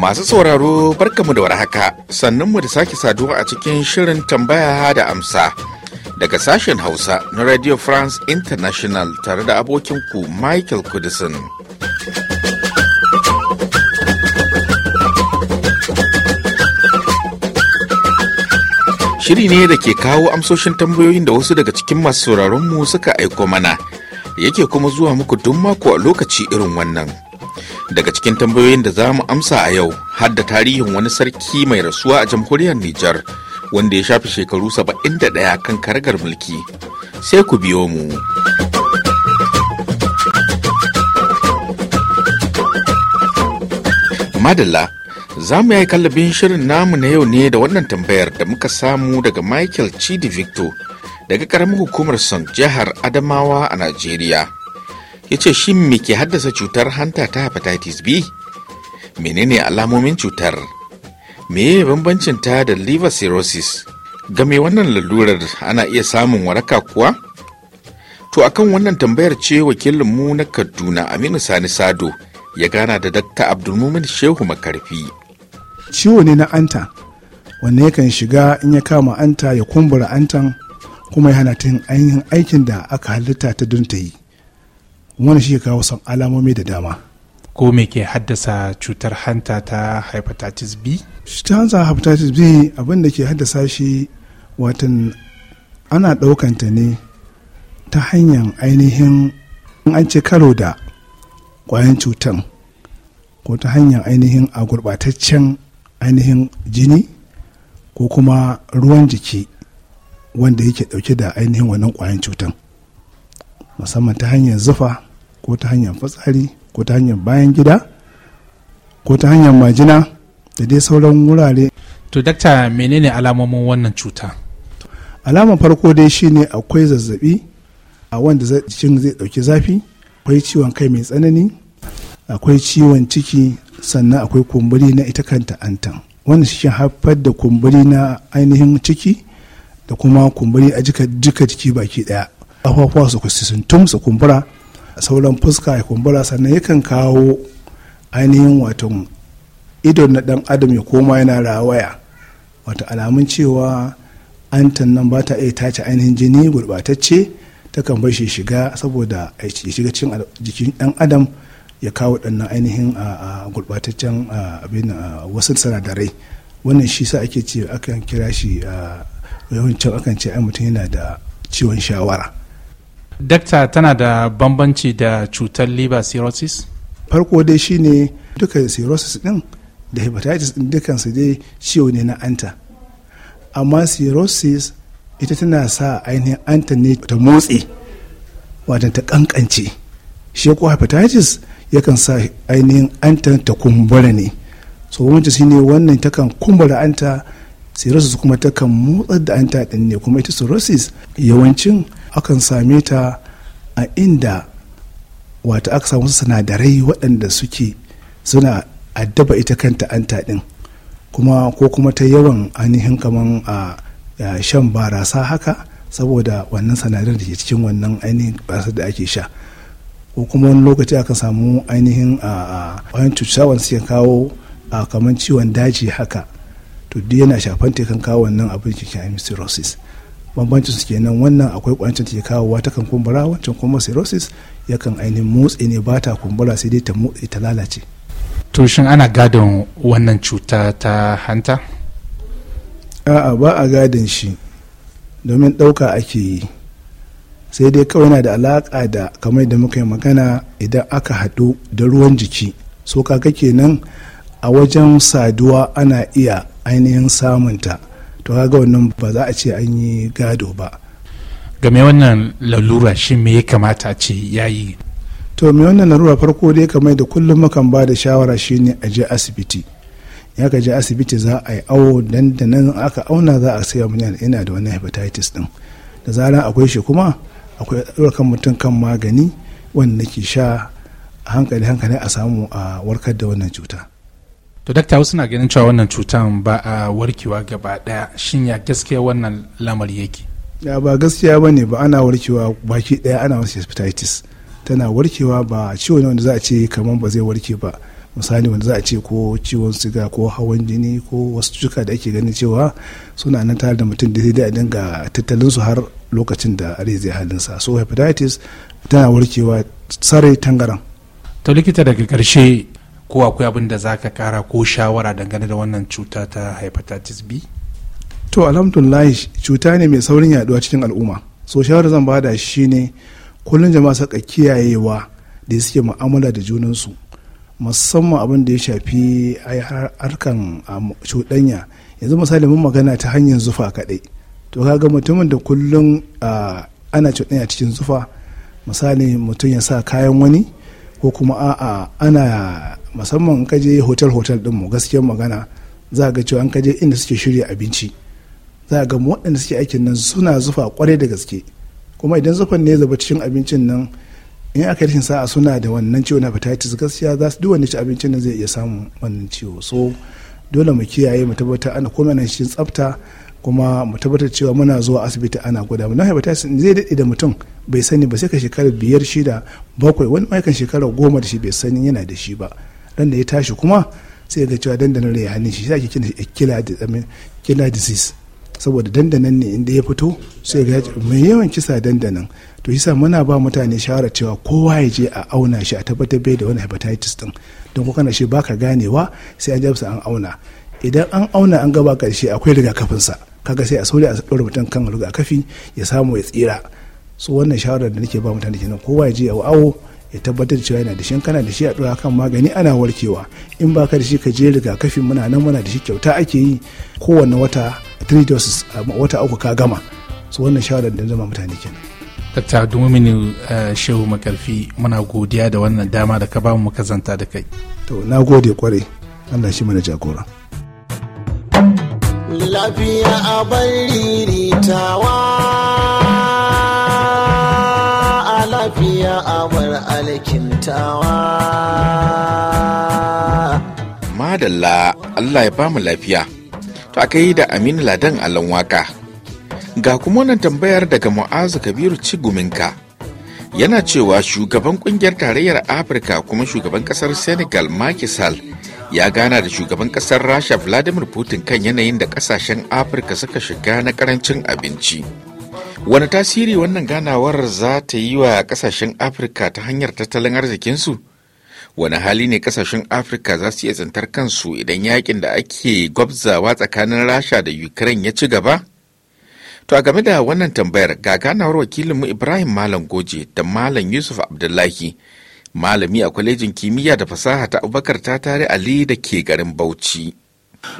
Masu sauraro barkamu da warhaka sannunmu da sake saduwa a cikin shirin tambaya da amsa daga sashen Hausa na Radio France International tare da abokinku Michael Kudisin. Shiri ne da ke kawo amsoshin tambayoyin da wasu daga cikin masu sauraronmu suka aiko mana, yake kuma zuwa muku duk mako a lokaci irin wannan. Daga cikin tambayoyin da za mu amsa a yau, har da tarihin wani sarki mai rasuwa a jamhuriyar Nijar, wanda ya shafi shekaru 71 kan karagar mulki. Sai ku biyo mu. Madalla za mu yi kallabin shirin namu na yau ne da wannan tambayar da muka samu daga michael chidi victor daga karamin hukumar son jihar adamawa a najeriya ya ce shi me ke haddasa cutar hanta ta hepatitis b menene alamomin cutar meye bambancin ta da liver cirrhosis game wannan lalurar ana iya samun waraka kuwa to akan wannan tambayar ce wakilinmu na kaduna aminu sani sado ya gana da Dr. Abdulmumin Shehu Makarfi ciwo ne na anta wanda yakan shiga in ya kama anta ya kumbura antan kuma ya hana ta ainihin aikin da aka halitta ta don ta yi wani shi kawo son alamomi da dama ko me ke haddasa cutar hanta ta hepatitis b ta hanta hepatitis b abin da ke haddasa shi watan ana ɗaukanta ne ta hanyar ainihin in an ce karo da ƙwayan cutan ko ta hanyar ainihin a gurɓataccen ainihin jini ko kuma ruwan jiki wanda yake dauke da ainihin wannan kwayan cutan musamman ta hanyar zufa ko ta hanyar fitsari ko ta hanyar bayan gida ko ta hanyar majina da dai sauran wurare to dakta menene alamomin wannan cuta alamar farko dai shine akwai zazzabi a wanda jikin zai dauki zafi akwai ciwon kai mai tsanani akwai ciwon ciki sannan akwai kumburi na ita kanta antan wanda shi haifar da kumburi na ainihin ciki da kuma kumburi a jika jika jiki baki daya afafuwa su kusurtun su kumbura sauran fuska ya kumbura sannan yakan kawo ainihin wato ido na dan adam ya koma yana rawaya wata alamun cewa antan nan ba ta iya tace ainihin jini gurbatacce takan bar shi shiga saboda ya shiga cikin jikin dan adam ya kawo ɗannan ainihin a gurɓataccen abin wasu sanadarai, wannan shi sa ake ce akan kira shi yawancin akan ce ai mutum yana da ciwon shawara dakta tana da bambanci da cutar liver cirrhosis farko dai shine duka cirrhosis din da hepatitis din dukansu dai ciwo ne na anta amma cirrhosis ita tana sa ainihin anta ne ta motsi wajen ta kankance shi ko hepatitis yakan sa ainihin anta ta kumbura ne so wancan shine wannan takan kumbura anta cirrhosis kuma takan motsar da anta din ne kuma ita cirrhosis yawancin akan same ta a inda wata aka samu sinadarai waɗanda suke suna addaba ita kanta anta din kuma ko kuma ta yawan ainihin kaman a shan barasa haka saboda wannan sanadar da ke cikin wannan ainihin barasa da ake sha ko kuma wani lokaci aka samu ainihin a kwayan cuta suke kawo a kamar ciwon daji haka to duk yana shafan ta kan kawo wannan abin ke kyan cirrhosis bambancin su kenan wannan akwai kwayan cuta ke kawowa wata kan kumbura wancan kuma cirrhosis yakan ainihin motsi ne ba ta kumbura sai dai ta motsi ta lalace to shin ana gadon wannan cuta ta hanta a'a ba a gadon shi domin ɗauka ake yi sai dai kawai yana da alaƙa da kamar da muka yi magana idan aka haɗu da ruwan jiki so kaka kenan a wajen saduwa ana iya ainihin samunta to kaga wannan ba za a ce an yi gado ba game wannan lalura shi me ya kamata a ce ya yi to me wannan lalura farko dai kamar da kullum mukan ba da shawara shine a je asibiti ya ka je asibiti za a yi awo dan da nan aka auna za a sayar mun yana da wannan hepatitis din da zaran akwai shi kuma akwai ɗaukar mutum kan magani wanda ke sha a hankali hankali a samu a warkar da wannan cuta to dakta wasu na ganin cewa wannan cutan ba a warkewa gaba daya shin ya gaskiya wannan lamari yake ya ba gaskiya ba ne ba ana warkewa baki daya ana wasu hepatitis tana warkewa ba ciwo ne wanda za a ce kamar ba zai warke ba misali wanda za a ce ko ciwon siga ko hawan jini ko wasu cuka da ake ganin cewa suna nan tare da mutum da zai dinga tattalin su har lokacin da are zai halinsa so hepatitis tana warkewa sarai tangaran ta likita daga karshe ko akwai abin da za ka kara ko shawara dangane da wannan cuta ta hepatitis b to alhamdulillah cuta ne mai saurin yaduwa cikin al'umma so shawara zan bada ne kullum jama'a saka kiyayewa da suke mu'amala da junansu musamman abin da ya shafi harkan um, cuɗanya yanzu misali mun magana ta hanyar zufa kaɗai to kaga mutumin da kullum ana a cikin zufa misali mutum ya sa kayan wani ko kuma a'a ana musamman in kaje hotel hotel din mu gaskiyar magana za ga cewa an kaje inda suke shirya abinci za ga waɗanda suke aikin nan suna zufa kwarai da gaske kuma idan zufan ne zaba cikin abincin nan in aka rashin sa'a suna da wannan ciwon hepatitis gaskiya za su duk wani ci abincin nan zai iya samun wannan ciwo so dole mu kiyaye mu tabbatar ana komai nan cikin tsafta kuma mu tabbatar cewa muna zuwa asibiti ana gwada mu na hepatitis zai daɗe da mutum bai sani ba sai ka shekara biyar shida bakwai wani ma'aikan shekara goma da shi bai sani yana da shi ba ran da ya tashi kuma sai ga cewa dandanan rai hannun shi sai kina kila disease saboda dandanan ne inda ya fito sai ga mai yawan kisa dandanan to yasa muna ba mutane shawara cewa kowa ya je a auna shi a tabbatar bai da wani hepatitis din don ko kana shi baka ganewa sai an jamsa an auna idan an auna an gaba karshe akwai rigakafinsa kaga sai a sauri a ɗora mutum kan rigakafi ya samu ya tsira so wannan shawarar da nake ba mutane kenan kowa ya je ya awo ya tabbatar da cewa yana da shi kana da shi a ɗora kan magani ana warkewa in baka da shi ka je rigakafi muna nan muna da shi kyauta ake yi kowanne wata three doses wata uku ka gama so wannan shawarar da zama mutane kenan Dakta Domini eh, Shehu Makarfi muna godiya da wannan dama da ka bamu mu kazanta da kai. To, na gode kwarai. Allah shi mana jagora. lafiya a bari ritawa a lafiya a bar alkintawa madalla allah ya bamu lafiya to aka yi da aminu ladan alon waka ga kuma wannan tambayar daga mu'azu kabiru ciguminka yana cewa shugaban kungiyar tarayyar afirka kuma shugaban kasar senegal makisal ya gana da shugaban kasar rasha vladimir putin kan yanayin da kasashen afirka suka shiga na karancin abinci wani tasiri wannan ganawar za ta yi wa kasashen afirka ta hanyar tattalin arzikinsu wani hali ne kasashen afirka za su iya tsintar kansu idan yakin da ake gwabzawa tsakanin rasha da ukraine ya ci gaba to a game da wannan tambayar ga ganawar wakilinmu ibrahim malam goje da malam yusuf abdullahi malami a kwalejin kimiyya da fasaha ta abubakar ta tare ali da ke garin bauchi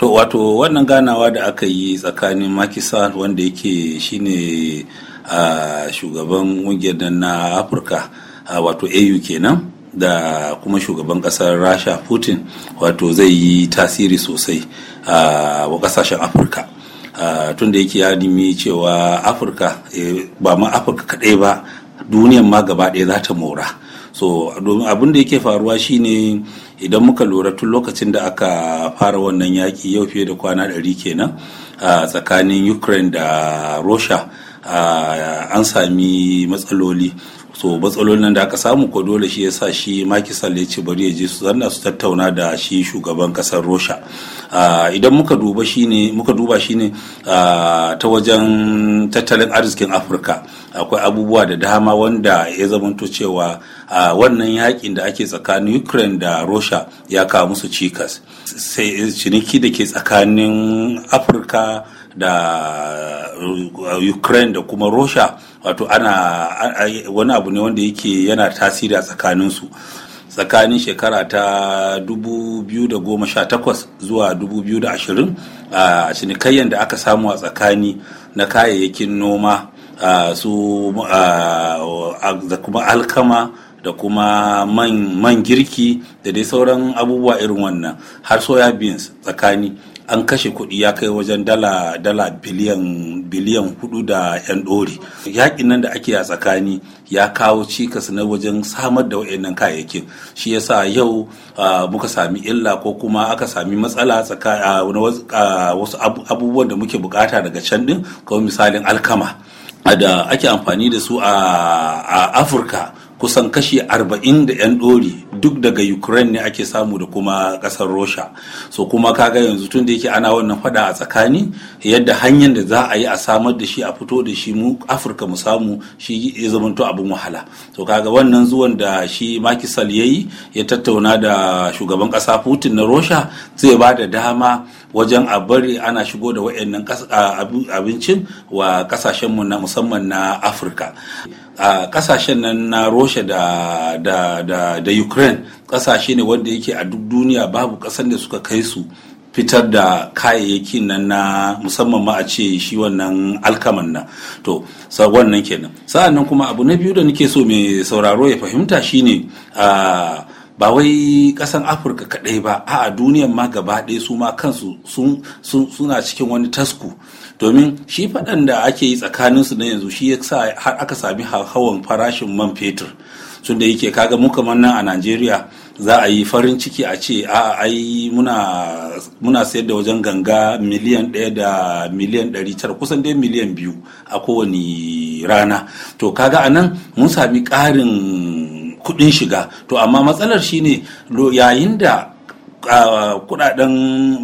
to wato wannan ganawa da aka yi tsakanin makisa wanda yake shine a shugaban ƙungiyar na afirka wato au kenan da kuma shugaban ƙasar rasha putin wato zai yi tasiri sosai a ƙasashen kasashen afirka tun da yake ya nemi cewa afirka eh, ba ma afirka kaɗai ba duniyan ma gaba ɗaya za ta mora so abin da yake faruwa shine idan muka lura tun lokacin da aka fara wannan yaƙi yau fiye da kwana ɗari kenan a tsakanin ukraine da russia an sami matsaloli so matsalolin da aka samu ko dole shi yasa shi makisal ya ce bari ya je su zanna su tattauna da shi shugaban kasar Rosha idan muka duba shine muka ta wajen tattalin arzikin Afirka akwai abubuwa da dama wanda ya zamanto cewa wannan yakin da ake tsakanin Ukraine da Rosha ya kawo musu cikas sai ciniki da ke tsakanin Afirka da uh, ukraine da kuma russia wato ana wani abu ne wanda yake yana tasiri a tsakaninsu tsakanin shekara ta 2018 zuwa 2020 a cinikayyar da aka samu a tsakani na kayayyakin noma su da kuma alkama da kuma man, man girki da dai sauran abubuwa irin wannan har soya beans tsakani an kashe kuɗi ya kai wajen dala dala biliyan biliyan hudu da yan ɗori yaƙin nan da ake a tsakani ya kawo cikas na wajen samar da wayannan kayayyakin shi yasa yau muka sami illa ko kuma aka sami matsala tsakanin wasu abubuwan da muke bukata daga can din kamar misalin alkama da ake amfani da su a afirka kusan kashi arba'in da 'yan ɗori duk daga ukraine ne ake samu da kuma kasar russia so kuma kaga yanzu tun da yake ana wannan fada a tsakani yadda hanyar da za a yi a samar da shi a fito da shi mu afirka mu samu shi ya zamanto abin wahala to kaga wannan zuwan da shi makisal ya yi ya tattauna da shugaban kasa putin na russia zai ba da dama wajen a bari ana shigo da wa'annan abincin wa kasashen mu na musamman na afirka a kasashen nan na roshe da, da, da, da ukraine kasashe ne wanda yake a duk duniya babu kasan da suka kai su fitar da kayayyakin nan na musamman ma a ce shi wannan alkaman nan to wannan kenan sa'annan kuma abu na biyu da nake so mai sauraro ya fahimta shine a ba wai kasan afirka kaɗai ba a duniyan ma gaba ɗaya su ma kansu suna cikin wani tasku domin shi faɗan da ake yi tsakaninsu na yanzu shi yasa har aka sami hawan farashin man fetur tun da yake kaga mu kamar nan a najeriya za a yi farin ciki a ce a ai muna sayar da wajen ganga miliyan ɗaya da miliyan ɗari tara kusan dai miliyan biyu a kowane rana to kaga anan mun sami ƙarin kuɗin shiga to amma matsalar shine yayin da kudaden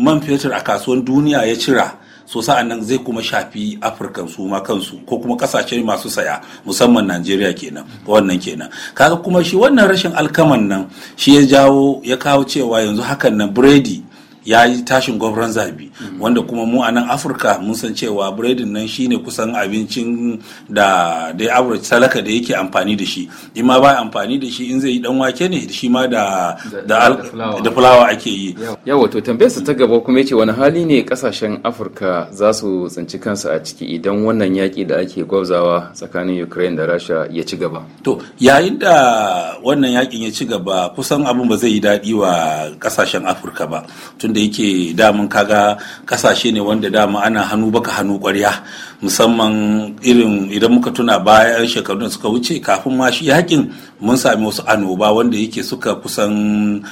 man fetur a kasuwan duniya ya cira so sa'an nan zai kuma shafi afirkan su ma kansu ko kuma kasashe masu saya musamman najeriya kenan wannan kenan kaga kuma shi wannan rashin alkaman nan shi ya jawo ya kawo cewa yanzu hakan nan biredi ya yi tashin gwabran zabi wanda kuma mu a nan afirka mun san cewa biredin nan shine kusan abincin da dai average talaka da yake amfani da shi in ma bai amfani da shi in zai yi dan wake ne shi ma da da fulawa ake yi yawa to tambayarsa ta gaba kuma yace wani hali ne kasashen afirka za su tsinci kansu a ciki idan wannan yaki da ake gwabzawa tsakanin ukraine da rasha ya ci gaba to yayin da wannan yakin ya ci gaba kusan abin ba zai yi daɗi wa kasashen afirka ba tunda yake damun kaga kasashe ne wanda dama ana hannu baka hannu kwarya musamman irin idan muka tuna bayan shekarun da suka wuce kafin ma shi yakin mun sami wasu anoba wanda yake suka kusan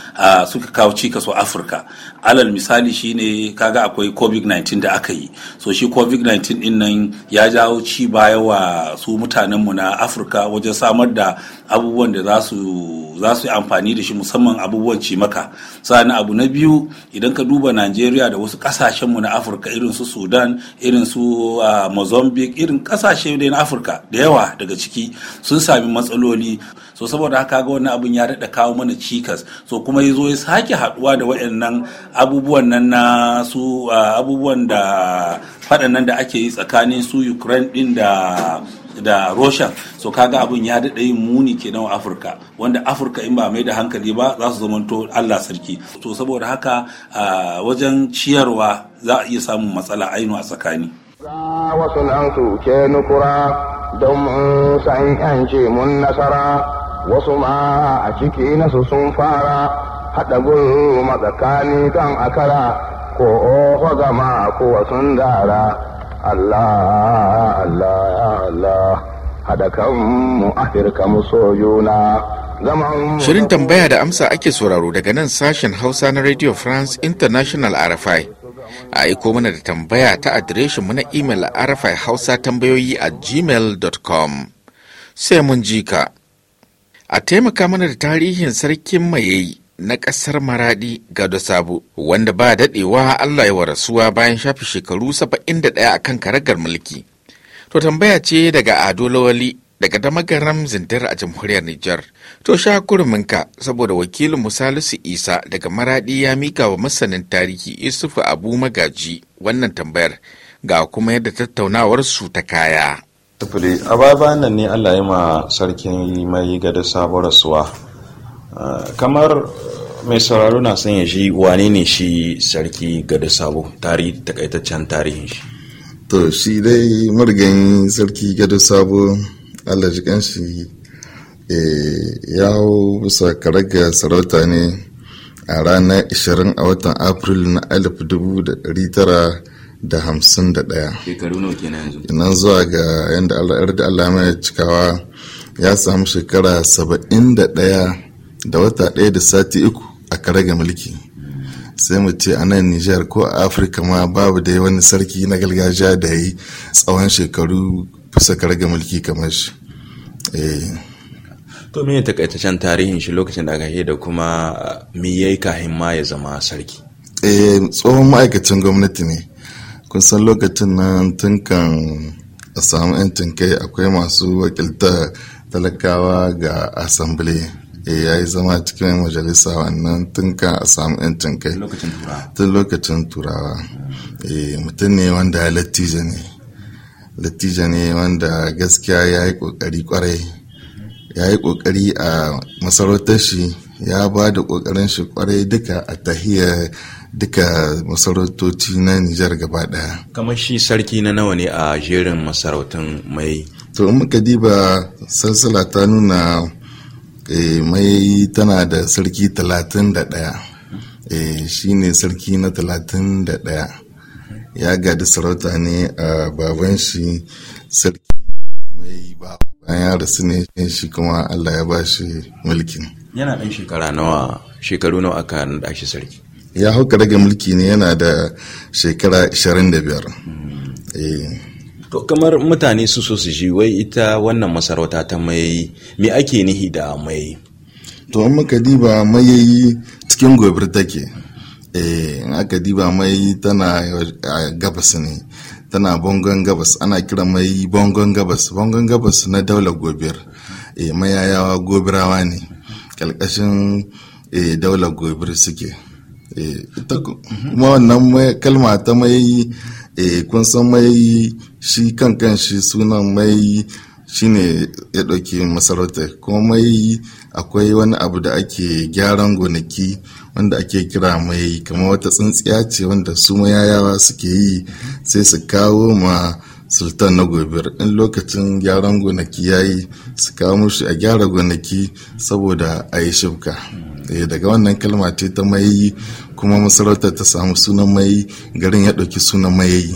suka kawo cikaso afirka alal misali shine kaga akwai covid-19 da aka yi so shi covid-19 din nan ya jawo ci baya wa su mutanen mu na afirka wajen samar da abubuwan da za su yi amfani da shi musamman abubuwan maka sa'an abu na biyu idan ka duba najeriya da wasu mu na afirka irin su sudan irin su mozambique irin kasashe da na afirka da yawa daga ciki sun sami matsaloli so saboda haka ga wannan abin ya daɗa kawo mana cikas so kuma ya ya sake haɗuwa da waɗannan abubuwan nan na su abubuwan da faɗannan nan da ake yi tsakanin su ukraine ɗin da da roshan so kaga abin ya daɗa yin muni kenan wa afirka wanda afirka in ba mai da hankali ba za su zamanto allah sarki so saboda haka wajen ciyarwa za a iya samun matsala ainu a tsakani Za wasu nan su ke nukura don mun yan yance mun nasara wasu ma a ciki nasu sun fara haɗa gulu matsakani kan akara ko oho gama ko sun dara Allah Allah ya Allah haɗa kanmu Afirka mu soyuna. Shirin tambaya da amsa ake sauraro daga nan sashen Hausa na Radio France International RFI. a aiko mana da tambaya ta adireshin mu na imel a arafai hausa tambayoyi a gmail.com sai mun ji ka a taimaka mana da tarihin sarkin mayayi na ƙasar maradi gado sabu wanda ba daɗewa allah ya rasuwa bayan shafi shekaru 71 a kan karagar mulki to tambaya ce daga ado lawali daga damagaram zintar a jamhuriyar Nijar. To sha kuruminka saboda wakilin Musalisu Isa daga Maradi ya mika wa masanin tarihi Isufu Abu Magaji wannan tambayar ga kuma yadda tattaunawar su ta kaya. Tufuli, a baba nan ne Allah ya ma sarkin mai gada sabon rasuwa. Ah, kamar mai sauraro na sanya shi wane ne shi sarki gada sabo tarihi takaitaccen tarihin shi. To shi dai marigayin sarki gada sabo allah jikan shi eh, ya hau bisa karaga sarauta ne a ranar 20 a watan april na 1951 da hamsin da yanzu nan zuwa ga yadda al'adar da allah mai cikawa ya samu shekara saba'in da da wata ɗaya da sati uku a karaga mulki sai mu ce a nan Nijar ko a Afirka ma babu da wani sarki na gargajiya da yi tsawon shekaru ka karga mulki kamar shi eh. to me takaitaccen tarihin shi lokacin da aka da kuma uh, me yayi kahin ma ya zama sarki eh tsohon ma'aikacin gwamnati ne kun san lokacin nan tun kan a samu yancin kai akwai masu wakilta talakawa ga assembly eh, ya yi zama cikin majalisa wannan tun kan a samu yancin kai tun lokacin turawa eh, mutum ne wanda ya lattijo ne dattijo ne wanda gaskiya ya yi ƙoƙari ƙwarai ya yi ƙoƙari a masarautar shi ya ba da ƙoƙarin shi kwarai duka a tahiyar duka masarautoci na Nijar gaba ɗaya. Kamar shi sarki na nawa ne a jerin masarautun mai? To, in muka diba salsala ta nuna eh, mai tana da sarki talatin da ɗaya. Eh, shi ne sarki na talatin da ɗaya. ya gadi sarauta ne a baban shi sarki mai ba bayan ya rasu ne shi kuma Allah ya ba shi mulkin yana ɗan shekara nawa shekaru nawa aka naɗa shi sarki ya hauka rage mulki ne yana da shekara 25 hmm. eh. to kamar mutane su so su ji wai ita wannan masarauta ta mai me ake nihi da mai to an muka diba mayayi cikin gobir take e in aka diba mai tana eh, gabas ne tana bangon gabas ana kira mai bangon gabas bangon gabas na daular gobir eh mayayawa gobirawa ne kalkashin eh daular gobir suke eh kuma wannan kalma ta mai eh kun san mai shi kankan shi sunan mai shine ya ɗauki masarautar komai akwai wani abu da ake gyaran gonaki wanda ake kira mai kama wata tsintsiya ce wanda su mayayawa suke yi sai su kawo ma sultan na gobir in lokacin gyaran gonaki ya yi su kawo mushi a gyara gonaki saboda a yi shibka eh, daga wannan kalma ce ta mayayi kuma masarautar ta samu sunan mayayi garin ya ɗauki sunan mayayi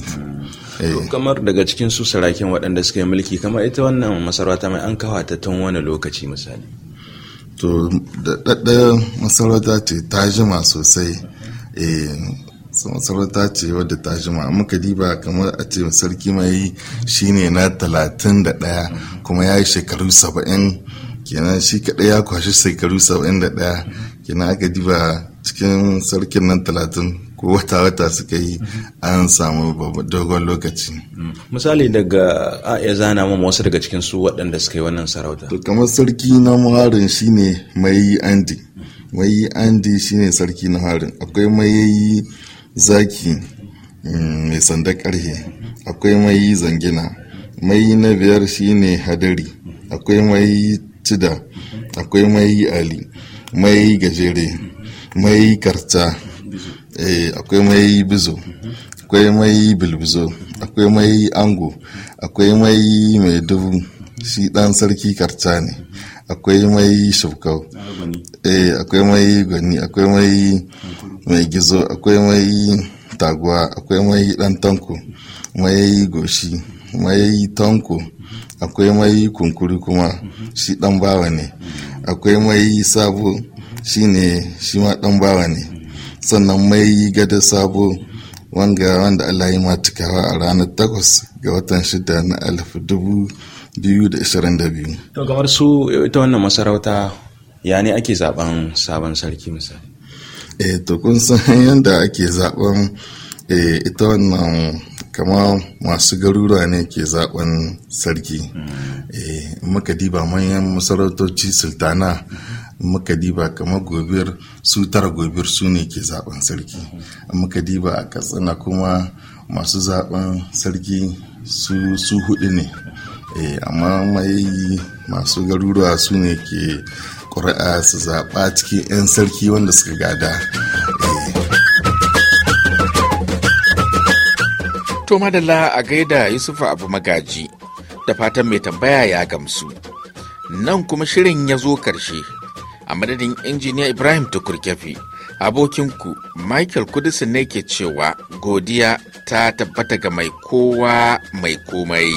Eh. kamar daga cikin su sarakin waɗanda suka yi mulki kamar ita wannan masarauta mai an ta tun wani lokaci misali to daɗaɗɗa masarauta ce ta jima sosai eh, masarauta ce wadda ta jima muka diba kamar a ce sarki mai shi ne na talatin da ɗaya kuma ya yi shekaru saba'in kenan shi kaɗai ya kwashi shekaru saba'in da ɗaya kenan aka diba cikin sarkin nan talatin ko wata-wata suka yi an samu dogon lokaci. Misali daga a iya zana mu wasu daga cikin su waɗanda suka yi wannan sarauta. To kamar sarki na muharin shine mai andi. Mai andi shine sarki na harin. Akwai mai zaki mm, mai sanda ƙarhe. Akwai mai zangina. Mai na biyar shine hadari. Akwai mai cida. Akwai mai ali. Mai gajere. Mai karta. Eh, akwai mai bizo akwai mai bilbizo akwai mai ango akwai mai mai dubu shi dan sarki karta ne akwai mai shafkau eh, akwai mai gani akwai mai mai gizo akwai mai taguwa akwai mai dan tanko mai goshi mai tanko akwai mai kunkuri kuma shi dan bawa ne akwai mai sabo shi ne shi ma dan bawa ne sannan mai gada sabo wanga wanda Allah ya matukawa a ranar takwas ga watan shida na alif dubu biyu da ishirin da biyu. To kamar su ita wannan masarauta ya ne ake zaben sabon sarki misali? Eh to kun san yadda ake zaben eh, ita wannan kama masu garura ne ke zaben sarki. Hmm. Eh, muka diba manyan masarautoci sultana. muka diba kamar gobir su tara gobir su ne ke zaben sarki muka diba a katsina kuma masu zaben sarki su su hudu ne eh, amma mai masu garuruwa su ne ke ƙuri'a su zaɓa cikin 'yan sarki wanda suka gada eh. to madalla a gaida yusufa abu magaji da fatan mai tambaya ya gamsu nan kuma shirin ya zo ƙarshe. a madadin injiniya ibrahim tukurkefi abokinku michael kudisin ne ke cewa godiya ta tabbata ga mai kowa mai komai